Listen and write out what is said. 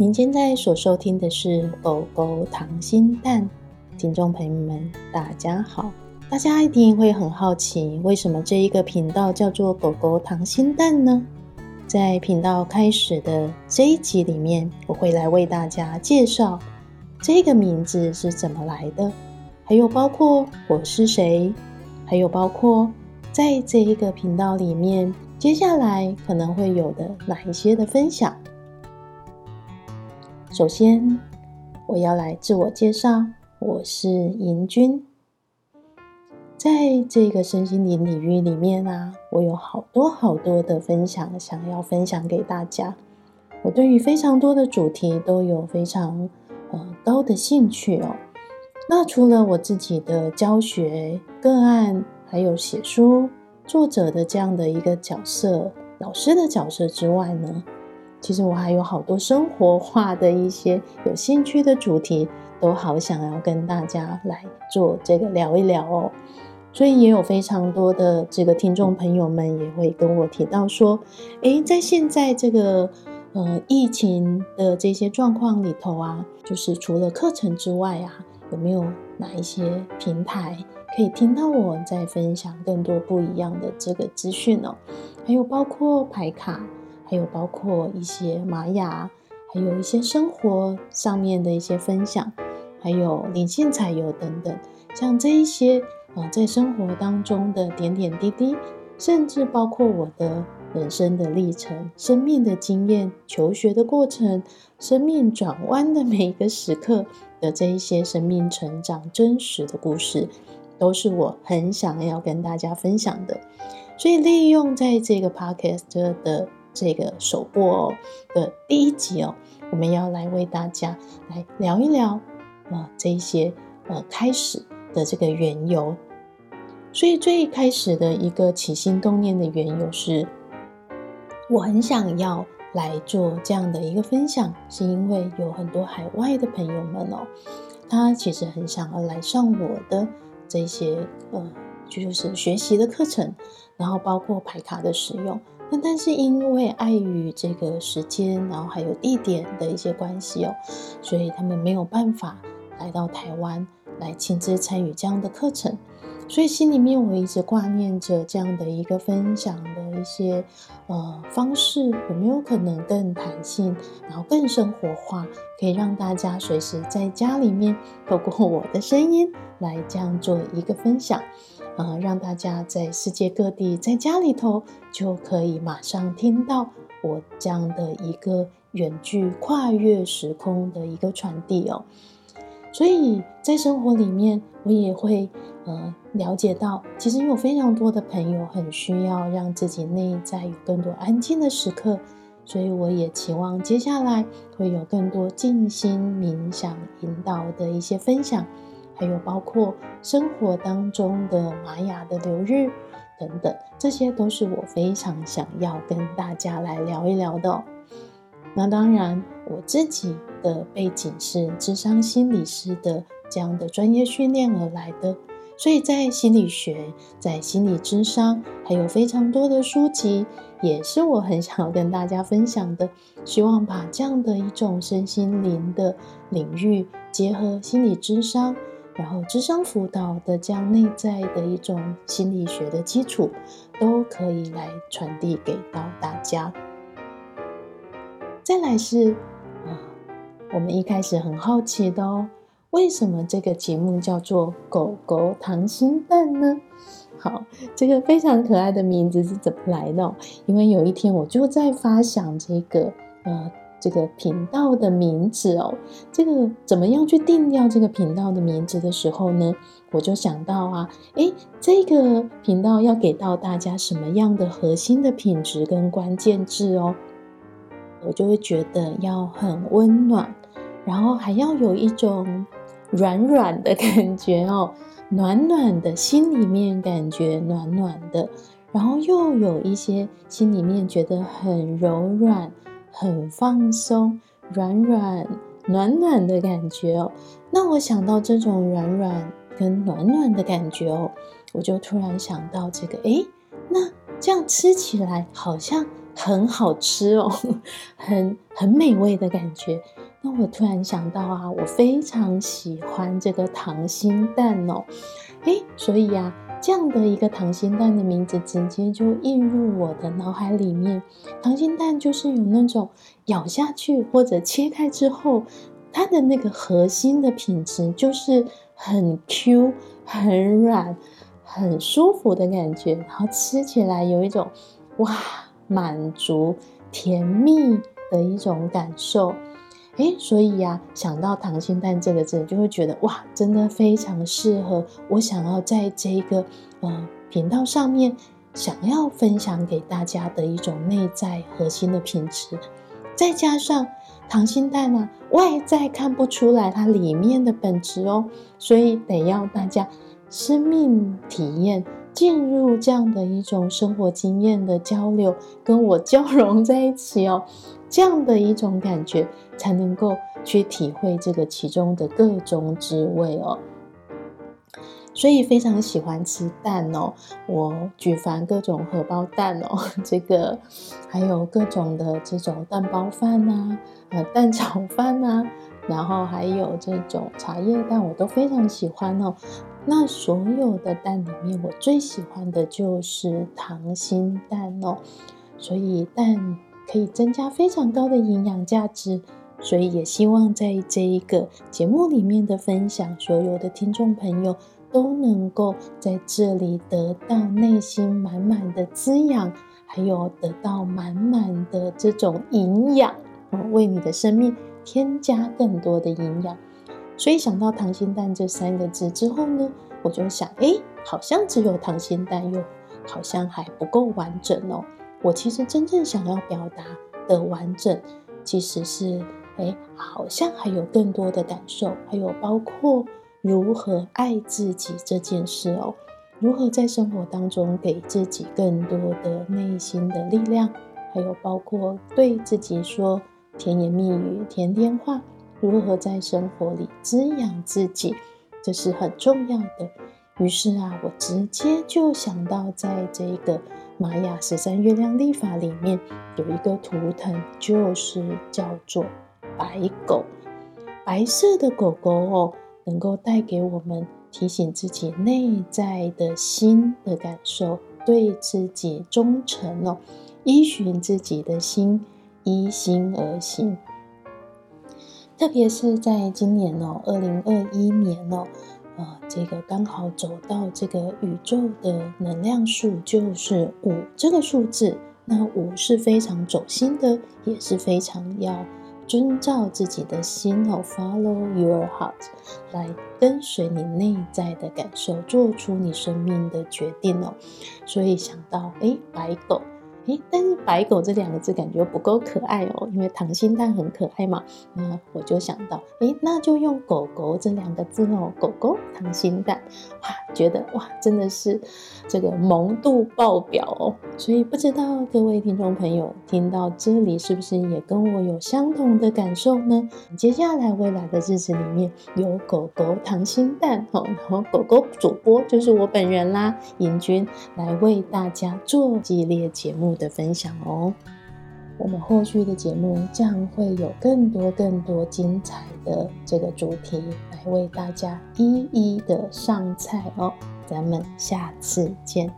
您現在所收聽的是《狗狗糖心蛋》，聽眾朋友們，大家好。大家一定會很好奇，為什麼這一個頻道叫做《狗狗糖心蛋》呢？在頻道開始的這一集裡面，我會來為大家介紹這個名字是怎麼來的，還有包括我是誰，還有包括在這一個頻道裡面，接下來可能會有的哪一些的分享。首先，我要來自我介紹，我是尹君。在這個身心靈領域裡面啊，我有好多好多的分享想要分享給大家。我對於非常多的主題都有非常呃高的興趣哦。那除了我自己的教學個案，還有寫書作者的這樣的一個角色，老師的角色之外呢，其實我還有好多生活化的一些有興趣的主題，都好想要跟大家來做這個聊一聊哦。所以也有非常多的這個聽眾朋友們也會跟我提到說，哎，在現在這個呃疫情的這些狀況裡頭啊，就是除了課程之外啊，有沒有哪一些平台可以聽到我在分享更多不一樣的這個資訊哦？還有包括牌卡。還有包括一些瑪雅，還有一些生活上面的一些分享，還有靈性彩油等等，像這一些啊、呃，在生活當中的點點滴滴，甚至包括我的人生的歷程、生命的經驗、求學的過程、生命轉彎的每一個時刻的這一些生命成長真實的故事，都是我很想要跟大家分享的。所以利用在這個 podcast 的。這個首播哦的第一集哦，我們要來為大家來聊一聊啊、呃，這一些呃開始的這個緣由。所以最開始的一個起心動念的緣由是，我很想要來做這樣的一個分享，是因為有很多海外的朋友們哦，他其實很想要來上我的這些呃，就是學習的課程，然後包括牌卡的使用。那但是因為礙於這個時間，然後還有地點的一些關係哦，所以他們沒有辦法來到台灣來親自參與這樣的課程。所以心裡面我一直掛念着這樣的一個分享的一些，呃，方式，有沒有可能更彈性，然後更生活化，可以讓大家隨時在家裡面透過我的聲音來這樣做一個分享。呃，讓大家在世界各地，在家裡頭就可以馬上聽到我這樣的一個遠距跨越時空的一個傳遞哦。所以在生活裡面，我也會呃了解到，其實有非常多的朋友很需要讓自己內在有更多安靜的時刻，所以我也期望接下來會有更多靜心冥想引導的一些分享。還有包括生活當中的瑪雅的流日等等，這些都是我非常想要跟大家來聊一聊的哦。那當然，我自己的背景是諮商心理師的這樣的專業訓練而來的，所以在心理學、在心理諮商，還有非常多的書籍，也是我很想跟大家分享的。希望把這樣的一種身心靈的領域結合心理諮商。然後，智商輔導的這樣內在的一種心理學的基礎，都可以來傳遞給到大家。再來是啊、呃，我們一開始很好奇的哦，為什麼這個節目叫做“狗狗糖心蛋”呢？好，這個非常可愛的名字是怎麼來的？因為有一天我就在發想這個，呃。這個頻道的名字哦，這個怎麼樣去定掉這個頻道的名字的時候呢？我就想到啊，哎，這個頻道要給到大家什麼樣的核心的品質跟關鍵字哦？我就會覺得要很溫暖，然後還要有一種軟軟的感覺哦，暖暖的心裡面感覺暖暖的，然後又有一些心裡面覺得很柔軟。很放鬆，軟軟暖暖的感覺哦。那我想到這種軟軟跟暖暖的感覺哦，我就突然想到這個，哎、欸，那這樣吃起來好像很好吃哦，很很美味的感覺。那我突然想到啊，我非常喜歡這個糖心蛋哦，哎、欸，所以啊。這樣的一個糖心蛋的名字，直接就印入我的腦海裡面。糖心蛋就是有那種咬下去或者切開之後，它的那個核心的品質就是很 Q、很軟、很舒服的感覺，然後吃起來有一種哇滿足、甜蜜的一種感受。誒，所以呀、啊，想到“糖心蛋”這個字，你就會覺得哇，真的非常適合我想要在這個呃頻道上面想要分享給大家的一種內在核心的品質。再加上“糖心蛋”呢，外在看不出來它裡面的本質哦，所以得要大家生命體驗進入這樣的一種生活經驗的交流，跟我交融在一起哦。這樣的一種感覺才能夠去體會這個其中的各種滋味哦。所以非常喜歡吃蛋哦，我舉凡各種荷包蛋哦，這個還有各種的這種蛋包飯吶，呃，蛋炒飯吶、啊，然後還有這種茶葉蛋，我都非常喜歡哦。那所有的蛋裡面，我最喜歡的就是糖心蛋哦。所以蛋。可以增加非常高的營養價值，所以也希望在這一個節目裡面的分享，所有的聽眾朋友都能夠在這裡得到內心滿滿的滋養，還有得到滿滿的這種營養，為你的生命添加更多的營養。所以想到“糖心蛋”這三個字之後呢，我就想，哎，好像只有“糖心蛋”又好像還不夠完整哦。我其實真正想要表達的完整，其實是，哎，好像還有更多的感受，還有包括如何愛自己這件事哦，如何在生活當中給自己更多的內心的力量，還有包括對自己說甜言蜜語、甜甜話，如何在生活裡滋養自己，這是很重要的。於是啊，我直接就想到在這個。瑪雅十三月亮曆法裡面有一個圖騰，就是叫做白狗，白色的狗狗哦，能夠帶給我們提醒自己內在的心的感受，對自己忠誠哦，依循自己的心，依心而行。特別是在今年哦，二零二一年哦。呃、啊，這個剛好走到這個宇宙的能量數就是五這個數字，那五是非常走心的，也是非常要遵照自己的心哦，follow your heart，來跟隨你內在的感受，做出你生命的決定哦。所以想到，哎，白狗。誒，但是“白狗”這兩個字感覺不夠可愛哦，因為糖心蛋很可愛嘛，那我就想到，誒，那就用“狗狗”這兩個字哦，“狗狗糖心蛋”，哇，覺得哇，真的是這個萌度爆表哦。所以不知道各位聽眾朋友聽到這裡是不是也跟我有相同的感受呢？接下來未來的日子裡面有“狗狗糖心蛋”哦，然後狗狗主播就是我本人啦，尹君來為大家做系列節目。的分享哦，我們後續的節目將會有更多更多精彩的這個主題，來為大家一一的上菜哦，咱們下次見。